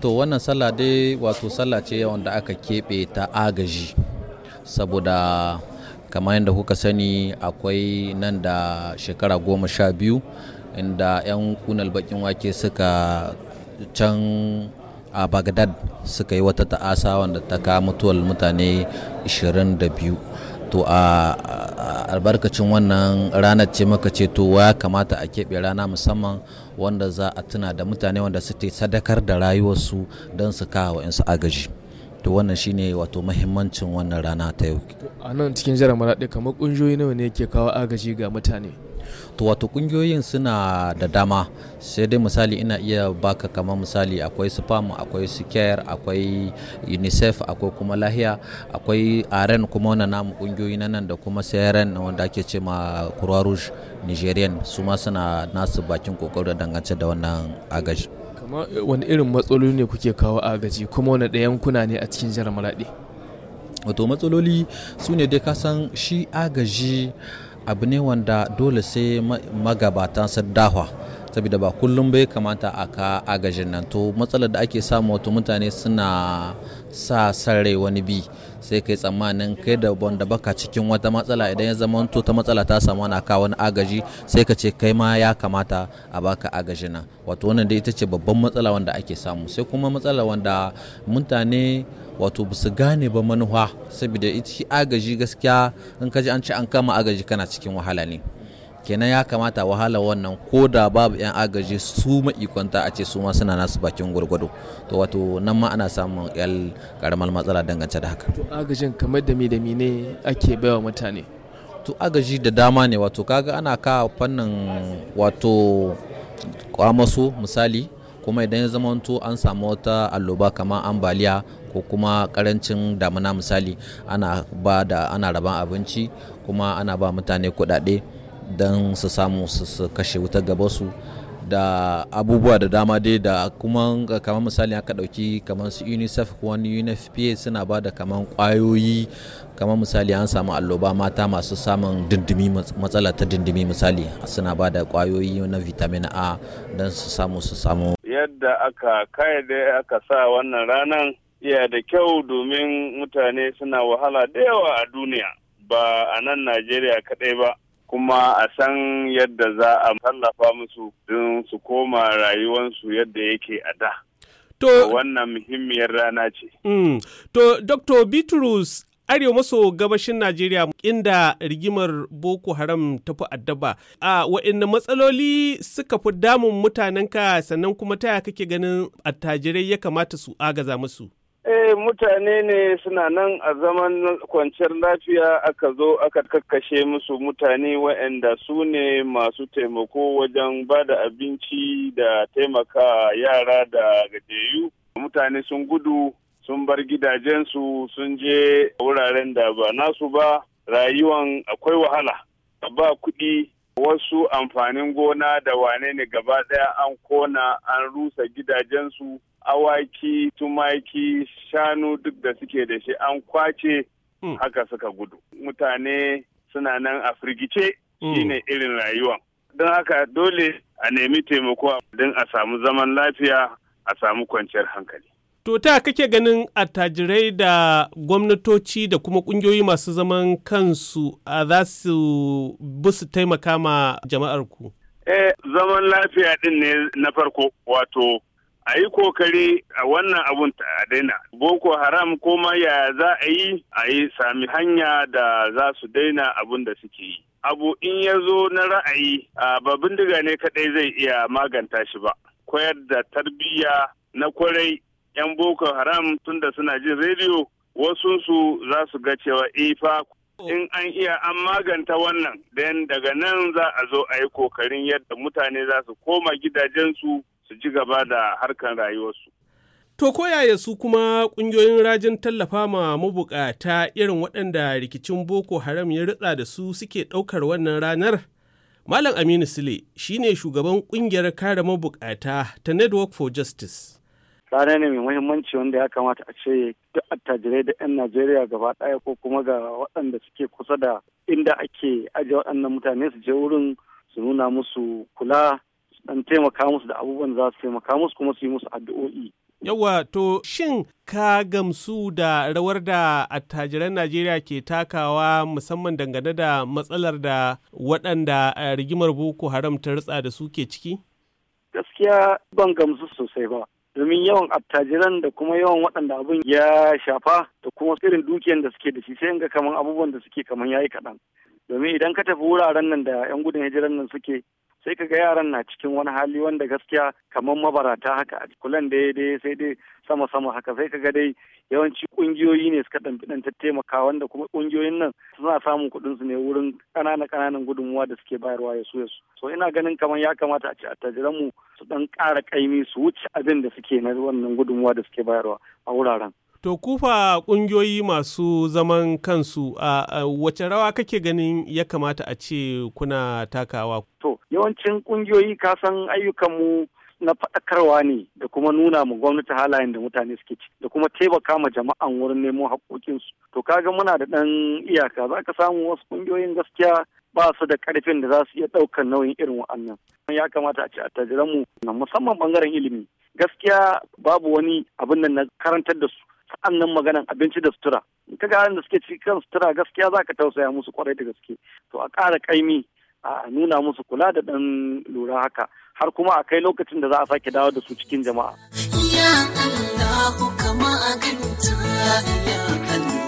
to wannan sallah dai wato sallah ce wanda aka keɓe ta agaji saboda kamar yadda kuka sani akwai nan da shekara goma sha biyu inda 'yan kunal bakin wake suka can a bagdad suka yi wata ta'asa wanda ta kawo mutuwar mutane 22 to a albarkacin wannan ranar ce maka ce to ya kamata a keɓe rana musamman wanda za a tuna da mutane wanda su sadakar da rayuwarsu don su kawo 'yansu agaji. to wannan shine wato mahimmancin wannan rana ta yau a nan cikin jihar maraɗi kamar ƙungiyoyi nawa ne ke kawo agaji ga mutane to wato ƙungiyoyin suna da dama sai dai misali ina iya baka kamar misali akwai spam akwai su akwai unicef akwai kuma lahiya akwai aren kuma wannan namu ƙungiyoyi na nan da kuma seren wanda ake ce ma croix rouge nigerian su ma suna nasu bakin kokarin dangance da wannan agaji kuma wani irin matsaloli ne kuke kawo agaji kuma wani da kuna ne a cikin jihar Maraɗi? Wato matsaloli su ne dai kasan shi agaji abu ne wanda dole sai magabatan sun saboda ba kullum bai kamata a ka agajin nan to matsalar da ake samu wato mutane suna sa rai wani bi sai kai tsammanin kai da wanda baka cikin wata matsala idan ya zama to ta matsala ta samu ana kawo wani agaji sai ka ce kai ma ya kamata a baka agajin nan wato wannan dai ita ce babban matsala wanda ake samu sai kuma matsala wanda mutane wato ba su gane ba manuwa saboda ita agaji gaskiya in ka ji an ci an kama agaji kana cikin wahala ne kenan ya kamata wahala wannan ko da babu 'yan agaji su maikonta a ce su ma suna nasu bakin gwargwado to wato nan ma ana samun yal karamar matsala dangance da haka to agajin kamar da dami ne ake baiwa mutane to agaji da dama ne wato kaga ana ka fannin wato kwamaso misali kuma idan ya zamanto an samu wata alloba kamar ambaliya ko kuma karancin damuna misali ana ba da ana raban abinci kuma ana ba mutane kuɗaɗe don su samu su kashe wutar gabansu da abubuwa da dama dai da kuma kamar misali aka ɗauki kamar su unicef wani unfpa suna ba da kamar kwayoyi kamar misali an samu alloba mata masu samun dindimi matsala ta dindimi misali suna ba da kwayoyi na vitamin a don su samu su samu yadda aka kayyade aka sa wannan ranar iya da kyau domin mutane suna wahala da yawa a duniya ba a nan najeriya kadai ba kuma a san yadda za a tallafa musu don su koma rayuwansu yadda yake a da. To, wannan muhimmiyar rana ce. Mm. to, Dr. Bitrus, arewa maso gabashin Najeriya inda rigimar Boko Haram ta fi addaba. A wa'in matsaloli suka fi damun mutanenka sannan kuma taya kake ganin attajirai ya kamata su agaza musu? mutane ne suna nan a zaman kwanciyar lafiya aka zo aka kakkashe musu mutane waɗanda su ne masu taimako wajen ba da abinci da taimaka yara da gajeyu mutane sun gudu sun bar gidajensu sun je wuraren da ba nasu ba rayuwan akwai wahala ba kuɗi wasu amfanin gona da wane ne gaba ɗaya an kona an rusa gidajensu awaki tumaki shanu duk da suke da shi an kwace hmm. haka suka gudu mutane suna nan a firgice hmm. shine irin rayuwa. don haka dole a nemi taimako don a samu zaman lafiya a samu kwanciyar hankali To ta kake ganin attajirai da gwamnatoci da kuma kungiyoyi masu zaman kansu a za su su taimaka ma jama'ar ku? Eh, zaman lafiya din ne na farko wato a yi kokari a wannan abun a daina boko haram kuma ya za a yi a yi sami hanya da za su daina abun da suke yi abu in ya zo na ra'ayi ba bindiga ne kadai zai iya maganta shi ba koyar da tarbiyya na kwarai 'yan boko haram tunda suna jin rediyo wasunsu za su ga cewa ifa e in an iya an maganta wannan dan daga nan za a zo a yi kokarin yadda mutane za su koma gidajensu su ji gaba da harkan rayuwarsu. To koyaya su kuma ƙungiyoyin rajin tallafa ma mabukata irin waɗanda rikicin Boko Haram ya ritsa da su suke ɗaukar wannan ranar? Malam Aminu Sule shi ne shugaban ƙungiyar kare mabukata ta Network for Justice. Rana ne mai muhimmanci wanda ya kamata a ce duk attajirai da 'yan Najeriya gaba ɗaya ko kuma ga waɗanda suke kusa da inda ake ajiye waɗannan mutane su je wurin su nuna musu kula dan taimaka musu da abubuwan za su taimaka musu kuma su yi musu addu'o'i Yawwa to shin ka gamsu da rawar da attajiran Najeriya ke takawa musamman dangane da matsalar da waɗanda eh, rigimar Boko Haram ta rutsa da su ke ciki? Gaskiya ban gamsu sosai ba. Domin yawan attajiran da kuma yawan waɗanda abin ya shafa da kuma irin dukiyan da suke da shi sai ga kamar abubuwan da suke kaman yayi kaɗan. Domin idan ka tafi wuraren nan da 'yan gudun hijiran nan suke sai kaga yaran na cikin wani hali wanda gaskiya kamar mabarata haka a kulan da dai sai dai sama sama haka sai kaga dai yawanci kungiyoyi ne suka dan dan taimaka wanda kuma kungiyoyin nan suna samun kuɗin su ne wurin kanana kananan gudunmuwa da suke bayarwa ya su ya su so ina ganin kamar ya kamata a ce a mu su dan ƙara kaimi su wuce abin da suke na wannan gudunmuwa da suke bayarwa a wuraren To kufa ƙungiyoyi masu zaman kansu a wace rawa kake ganin ya kamata a ce kuna takawa? To yawancin kungiyoyi kasan ayyukanmu na faɗakarwa ne da kuma nuna mu gwamnati halayen da mutane suke ci da kuma taimaka ma jama'an wurin nemo haƙoƙinsu to kaga muna da ɗan iyaka za ka samu wasu ƙungiyoyin gaskiya ba su da ƙarfin da za su iya ɗaukar nauyin irin wa'annan ya kamata a ci a mu na musamman ɓangaren ilimi gaskiya babu wani abin nan na karantar da su sa'an maganan abinci da sutura Ka kaga da suke kan sutura gaskiya za ka tausaya musu kwarai da gaske to a ƙara ƙaimi a nuna musu kula da ɗan lura haka har kuma a kai lokacin da za a sake dawo da su cikin jama'a. Ya Allah kama a ganta ya Allah.